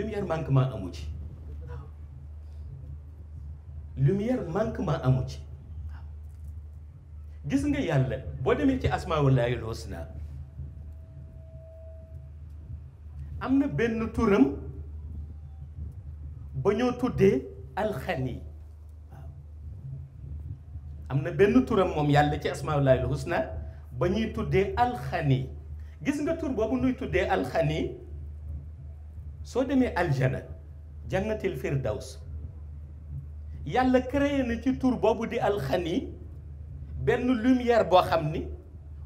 lumière manquement amu ci lumière manquement amu ci gis nga yàlla boo demee ci asmaawullaahil husna am na benn turam ba ñoo tuddee alxani na benn turam moom yàlla ci asmaawullaahil husna ba ñuy tuddee alxani gis nga tur boobu nuy tuddee alxani soo demee aljana jannatil firdaws yàlla créé na ci tour boobu di alxani benn lumière boo xam ni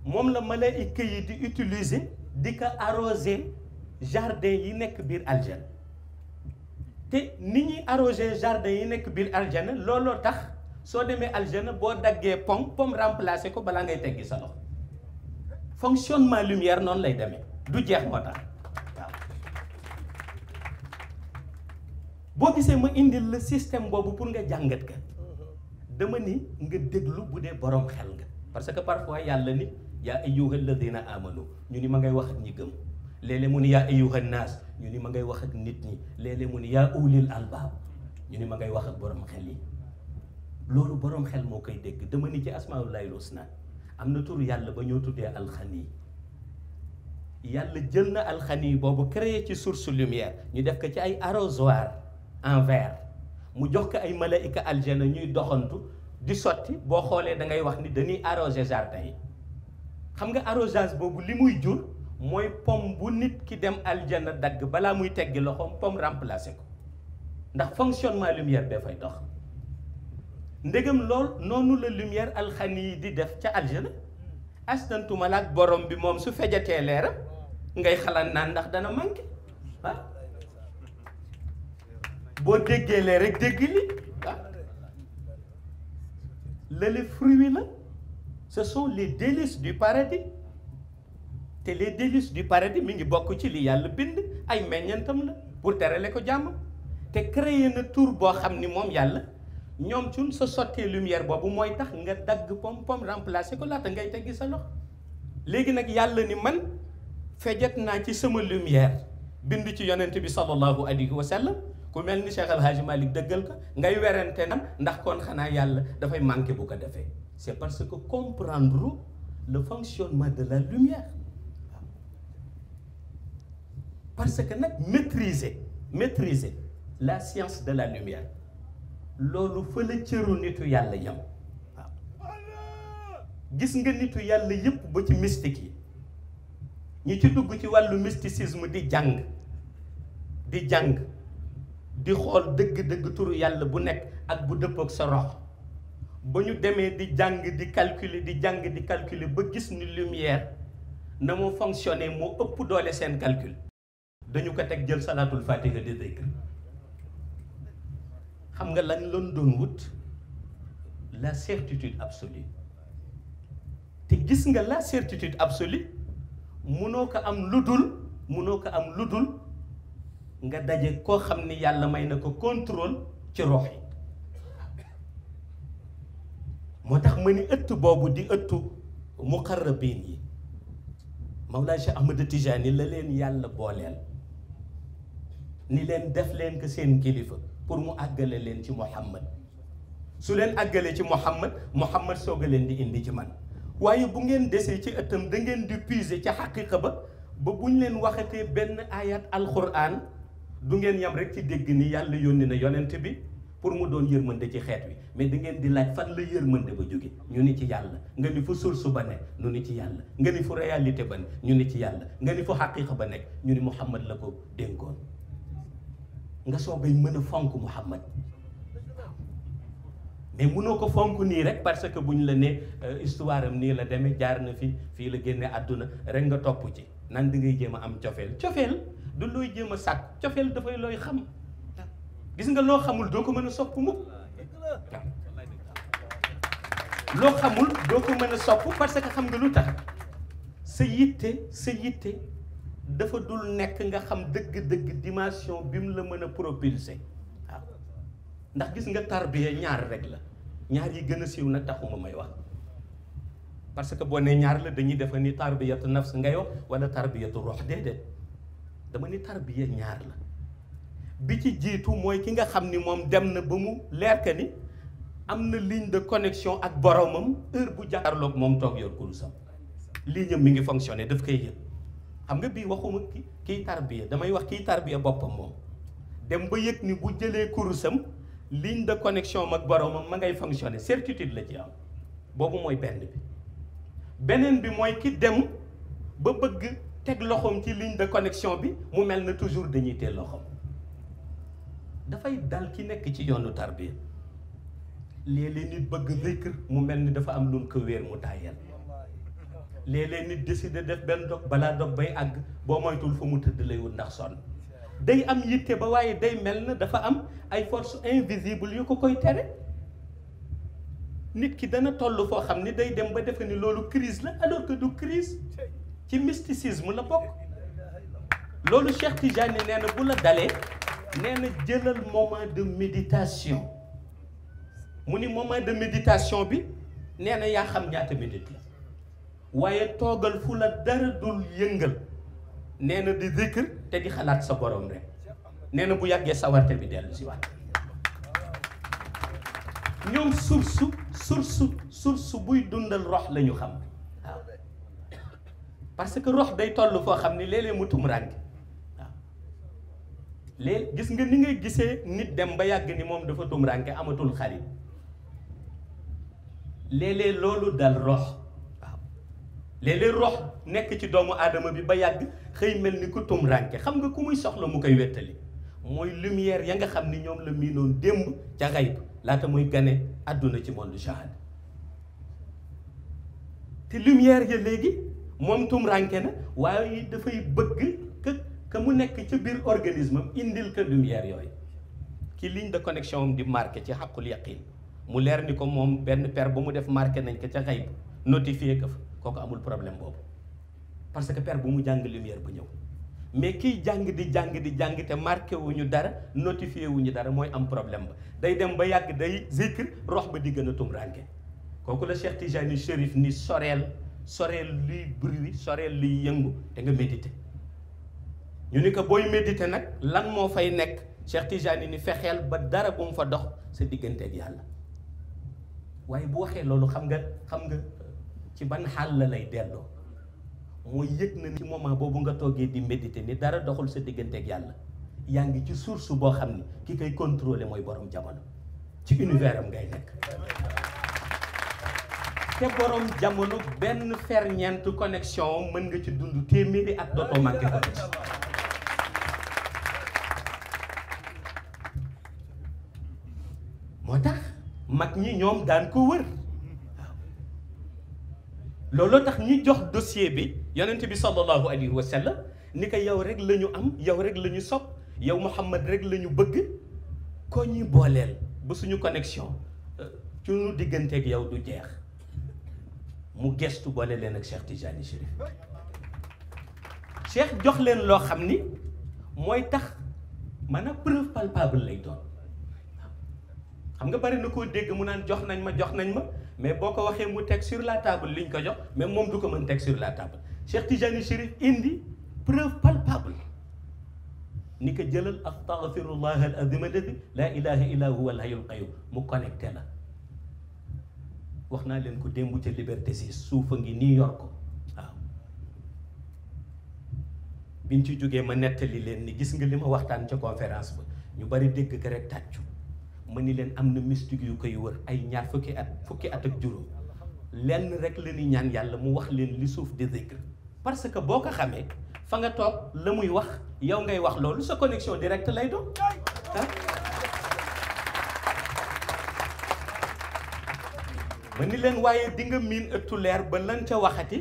moom la malaayika yi di utiliser di ko arroser jardin yi nekk biir aljana te ni ñuy arroser jardin yi nekk biir aljana looloo tax soo demee aljana boo daggee pom pom remplacer ko balaa ngay teggi sa loxo fonctionnement lumière noonu lay demee du jeex moo tax boo gisee ma indil la système boobu pour nga jàngat ka dama ni nga déglu bu dee borom xel nga parce que parfois yàlla ni yaa ayyuha alladina amanu ñu ni ma ngay wax ak ñi gëm léeg-léeg mu ni ma ngay wax ak nit ñi léeg-léeg mu ni yaa ulil albaab ñu ni ma ngay wax ak borom xel yi loolu borom xel moo koy dégg dama ni ci asmaullahi husna am na tur yàlla ba ñoo tuddee alxani yàlla jël na alxani boobu créer ci source lumière ñu def ko ci ay arrosoir en verre mu jox ko ay malaika aljana ñuy doxantu di sotti boo xoolee da ngay wax ni dañuy arroser jardin yi xam nga arrosage boobu li muy jur mooy pom bu nit ki dem aljana dagg balaa muy teggi loxoom pomme remplacé ko ndax fonctionnement lumière bee fay dox ndegam lool noonu la lumière alxani yi di def ca aljana astantuma la borom bi moom su fejatee leeram ngay xalaat naan ndax dana manqué boo déggee lee rek dégg li ah lële fruit la ce sont les délices du paradis te les délices du paradis mi ngi bokk ci li yàlla bind ay meññantam la pour terale ko jàmm te créé na tour boo xam ni moom yàlla ñoom cun sa sottee lumière boobu mooy tax nga dagg pom pom remplacé ko laata ngay teggi sa loxo léegi nag yàlla ni man fejet naa ci sama lumière bind ci yonent bi sallallahu alayhi wa ku mel ni Cheikh El Hadj Malick dëggal ko ngay werante nan ndax kon xanaa yàlla dafay manqué bu ko defee c'est parce que comprendre le fonctionnement de la lumière parce que nag maîtriser maîtriser la science de la lumière loolu fa la cëru nitu yàlla yam waaw gis nga nitu yàlla yépp ba ci mystique yi ñu ci dugg ci wàllu mysticisme di jàng di jàng di xool dëgg-dëgg turu yàlla bu nekk ak bu dëppook sa rox ba ñu demee di jàng di calculer di jàng di calculer ba gis ni lumière na moo fonctionner moo ëpp doole seen calcul dañu ko teg jël salaatul fatiha di dëgg xam nga lañ loon doon wut la certitude absolue te gis nga la certitude absolue munoo ko am lu dul munoo ko am lu dul nga daje koo xam ni yàlla may na ko contrôle ci rox yi moo tax ma ni ëtt boobu di ëttu muqarrabin yi Mawlaa Cheikh Ahmad Tijaani la leen yàlla booleel ni leen def leen ko seen kilifa pour mu àggale leen ci Muhammad su leen àggalee ci Muhammad Muhammad soog leen di indi ci man waaye bu ngeen desee ci ëttam dangeen ngeen di puiser ci xaqiqa ba ba buñ leen waxatee benn ayat alquran du ngeen yam rek ci dégg ni yàlla yónni na yonent bi pour mu doon yërmande ci xeet wi mais da ngeen di laaj fan la yërmande ba jóge ñu ni ci yàlla nga ni fu source ba ne ñu ni ci yàlla nga ni fu réalité ba ci yàlla nga ni fu xaqiqa ba nekk ñu ni Muhammad la ko dénkoon nga soo mën a fonk Muhammad mais munoo ko fonk nii rek parce que bu buñ la nee euh, histoire am nii la demee jaar na fi fii la génne àdduna rek nga topp ci nan di ngay jéem a am cofeel cofeel du looy jéem a sàkk cofeel dafay looy xam gis nga loo xamul doo ko mën a sopp mukk loo xamul doo ko mën a sopp parce que xam nga lu tax sa yitte sa yitte dafa dul nekk nga xam dëgg-dëgg dimension bi mu la mën a propulser waaw ndax gis nga tarbiya ñaar rek la ñaar yi gën a siiw nag taxuma may wax parce que boo ne ñaar la dañuy defa ni tarbiyatu nafs ngay wax wala tarbiyatu ruux déedéet dama ni tarbiya ñaar la bi ci jiitu mooy ki nga xam ni moom dem na ba mu leer ka ni am na ligne de connection ak boromam heure bu jàkkaarloog moom toog yor kurusam ligne am mi ngi fonctionné daf koy yëg xam nga bii waxuma ki kiy tarbiya damay wax kiy tarbiya boppam moom dem ba yëg ni bu jëlee kurusam ligne de connexion ak boromam ma ngay fonctionné certitude la ci am boobu mooy benn bi beneen bi mooy ki dem ba bëgg teg loxoom ci ligne de connexion bi mu mel na toujours dañuy tee loxoom dafay dal ci nekk ci yoonu tarbiya léeg-léeg nit bëgg zikr mu mel ni dafa am lu ko wéer mu tàyyal léeg-léeg nit décidé def benn dog balaa dog bay àgg boo moytul fa mu tëdd lay wut ndax sonn day am yitte ba waaye day mel na dafa am ay force invisible yu ko koy tere nit ki dana toll foo xam ni day dem ba defe ni loolu crise la alors que du crise ci mysticisme la bokk loolu Cheikh Tijani nee na bu la dalee nee na jëlal moment de méditation mu ni moment de méditation bi nee na yaa xam ñaata minute la waaye toogal fu la dara dul yëngal nee na di zikr te di xalaat sa borom rek nee na bu yàggee sawarte bi dellu si waat ñoom source source source buy dundal rox lañu xam parce que rox day toll foo xam ni léeg-léeg mu tumuraange waaw ah. léeg gis nga ni ngay gisee nit dem ba yàgg ni moom dafa tumuraange amatul xarit léeg loolu dal rox waaw ah. léeg rox nekk ci doomu aadama bi ba yàgg xëy mel ni ku tumuraange xam nga ku muy soxla mu koy wettali mooy lumière ya nga xam ni ñoom la miinoon démb ca xayb laata muy gane àdduna ci monde jahad te lumière ya léegi moom tumranke na waaye dafay bëgg que que mu nekk ca biir organisme indil que lumière yooyu ki ligne de connexion am di marqué ci xaqul yaqin mu leer ni ko moom benn per ba mu def marqué nañ ko ca xay notifié ko fa kooku amul problème boobu parce que per bu mu jàng lumière bu ñëw mais kiy jàng di jàng di jàng te marqué wu ñu dara notifié wu ñu dara mooy am problème ba day dem ba yàgg day zikr rox ba di gën a tumranke kooku la Cheikh Tijani ni soreel soreel luy bruit soreel luy yëngu te nga méditer ñu ni ko booy méditer nag lan moo fay nekk Cheikh Tijani ni fexeel ba dara bu mu fa dox sa diggante ak yàlla waaye bu waxee loolu xam nga xam nga ci ban xaal la lay delloo mooy yëg na ni ci moment boobu nga toogee di méditer ni dara doxul sa diggante ak yàlla yaa ngi ci source boo xam ni ki koy contrôler mooy boroom jamono ci univers am ngay nekk te borom jamono benn ferñeent connexion mën nga ci dund téeméeri ak dootoo manqué moo tax mag ñi ñoom daan ko wër looloo tax ñu jox dossier bi yonent bi sallallahu alayhi wa ni ko yow rek lañu am yow rek la ñu sopp yow Muhammad rek la ñu bëgg koo ñuy booleel ba suñu connexion ci euh, digganteek digganteeg yow du jeex mu gestu boole leen ak Cheikh Tijani Chérif Cheikh jox leen loo xam ni mooy tax maanaam preuve palpable lay doon xam nga bari na koo dégg mu naan jox nañ ma jox nañ ma mais boo ko waxee mu teg sur la table liñ ko jox mais moom du ko mën teg sur la table Cheikh Tijani Chérif indi preuve palpable ni ko jëlal astaghfirullah al azim alladi la ilaha illa huwa al hayyul qayyum mu connecté la wax naa leen ko démb ca liberté si suuf a ngi New York waaw biñ ci jógee ma nettali leen ni gis nga li ma waxtaan ca conférence ba ñu bari dégg ko rek tàccu ma ni leen am na mystique yu koy wër ay ñaar fukki at fukki at ak juróom lenn rek la ñuy ñaan yàlla mu wax leen li suuf di zikr parce que boo ko xamee fa nga toog la muy wax yow ngay wax loolu sa connexion directe lay doon ba ni leen waaye di nga miin ëttu leer ba lan ca waxati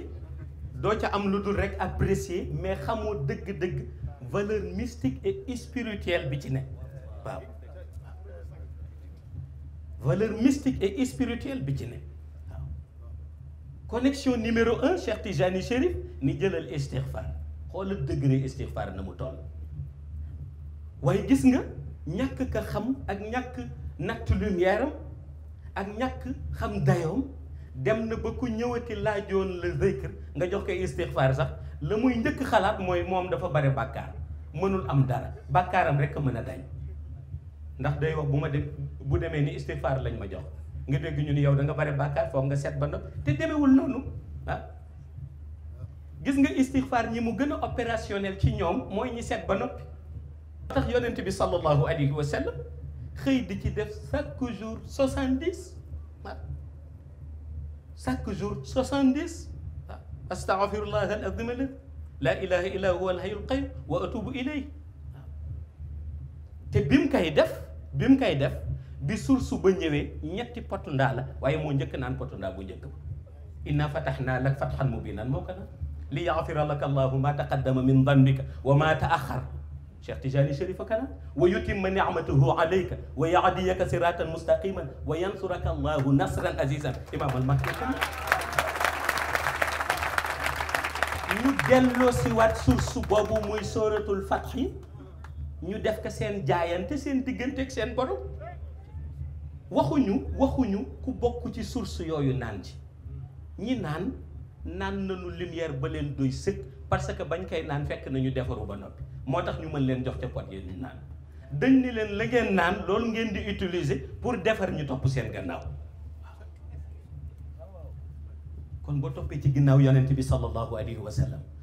doo ca am lu dul rek apprécier mais xamoo dëgg-dëgg valeur mystique et spirituelle bi ci ne waaw valeur mystique et spirituelle bi ci ne waaw numéro un Cheikh Tijani Chérif ni jëlal istighfar dëgg degré istighfar na mu toll waaye gis nga ñàkk ka xam ak ñàkk nattu lumière ak ñàkk xam dayoom dem na ba ku ñëwati laajoon la zikr nga jox ko istixfaar sax la muy njëkk xalaat mooy moom dafa bare bàkkaar mënul am dara bàkkaaram rek a mën a dañ ndax day wax bu ma dem bu demee ni istixfaar lañ ma jox nga dégg ñu ni yow danga nga bare bàkkaar foog nga set ba noppi te demewul noonu ah gis nga istixfaar ñi mu gën a opérationnel ci ñoom mooy ñi set ba noppi tax yonent bi sallallahu alayhi wa sallam xëy di ci def chaque jour soixante dix waaw chaque jour soixante dix waaw astaghfirullah al azim laa ilaha illa huwa al hayyul qayyum wa atubu ilay waaw te bi mu koy def bi mu koy def bi source ba ñëwee ñetti potu ndaa la waaye moo njëkk naan potu ndaa bu njëkk ba inna fatahnaa lak fathan mubiinan moo ko naan li yaxfira laka allahu ma taqaddama min danbika wa ma taaxar Cheikh Tijani Cherifa Kana wa yutimma ni'matahu alayka wa yahdiyaka siratan mustaqiman wa yansuraka Allahu nasran azizan imam al-Makki ñu delloo si waat suuf su boobu muy sóoratul fatxi ñu def ko seen jaayante seen diggante ak seen borom waxuñu waxuñu ku bokk ci source yooyu naan ci ñi naan naan nañu lumière ba leen doy sëkk parce que bañ kay naan fekk nañu defaru ba noppi moo tax ñu mën leen jox ca pot yéen ñu naan dañ ni leen la naan loolu ngeen di utiliser pour defar ñu topp seen gannaaw kon boo toppee ci ginnaaw yonent bi sallallahu alayhi wa sallam